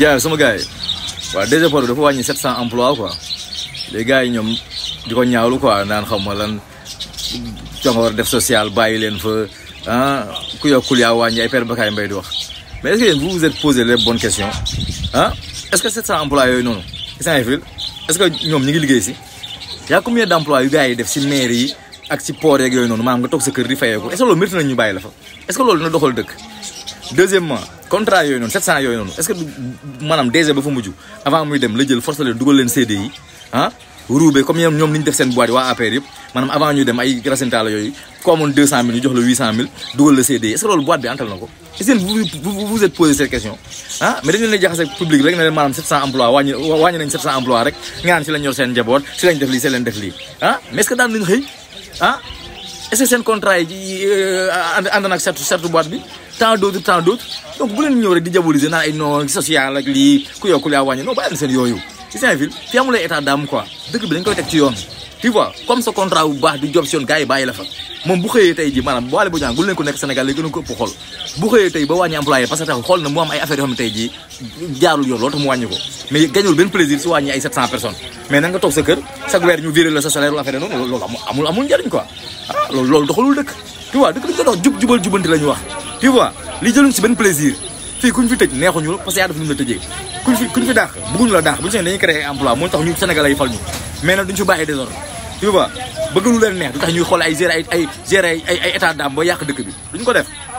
gars sama gars yi waaw DG Porto dafa wàññi 700 emplois quoi les gars yi ñoom di ko ñaawlu quoi naan xam lan cogoor def social bàyyi leen fa ah ku yokkul yaa wàññi ay père Bakary Mbaye di wax mais est-ce que vous vous êtes posé les bonnes questions Hein? est-ce que 700 emplois yooyu noonu Saint-Fil est-ce que ñoom ñu ngi liggéey si y a combien d'emplois yu gars yi def si mairie yi ak si port yeeg yooyu noonu maanaam nga toog sa kër di fayeeku est-ce que loolu mérite nañ ñu bàyyi la fa est-ce que loolu dina doxal dëkk deuxièmement contrat yooyu noonu 700 yooyu noonu est-ce que maanaam DG ba fa mujj avant muy dem la jël force leen dugal leen CDI ah ruube comme ñoom ni def seen boîte waa APR yëpp maanaam avant ñu dem ay racinta yooyu ku amoon 200000 ñu jox la 800000 la CDI est-ce que loolu boîte bi est-ce que ah dañu leen di public rek ne leen maanaam 700 emplois wàññi wàññi nañ 700 emplois rek nga naan si est-ce que seen contrat yi ànd nag certes certes boîte bi tant d'autres tant d'autres donc bu leen ñëw rek di diaboliser naan ay non social ak lii ku yokku yaa wàññi non bàyyi seen yooyu ci Saint-Ville fi amulay état d'âme quoi dëkk bi dañ koy teg ci yoon tu vois comme ce contrat bu baax di job si yoon gars yi bàyyi la fa moom bu xëyee tey ji maanaam waale bu ñaan bu leen ko nek Sénégal lay gën ko ëpp xool bu xëyee tey ba wañi employé parce que tax na mu am ay affaire yo xam ji jaarul yoon loolu tax mu ko mais gañul ben plaisir si wañi ay 700 personnes mais na nga toog sa kër sa weer ñu viré la sa salaire affaire non loolu amul amul amul jarign quoi ah loolu loolu doxalul dëkk tu vois dëkk dañ dox jub jubal jubanti la wax tu vois li jëlun ci ben plaisir fi kuñ fi tej neexu ñu parce que yaa dafa ñu la tejé kuñ fi kuñ fi dàq bëgguñu la dàq buñ seen dañuy créer emploi mo tax ñu sénégalais yi fal ñu mais nag duñ ci baye désordre tu vois bëgg lu leen neex tax ñuy xol ay zéro ay zéro ay ay état d'âme ba yaq dëkk bi duñ ko def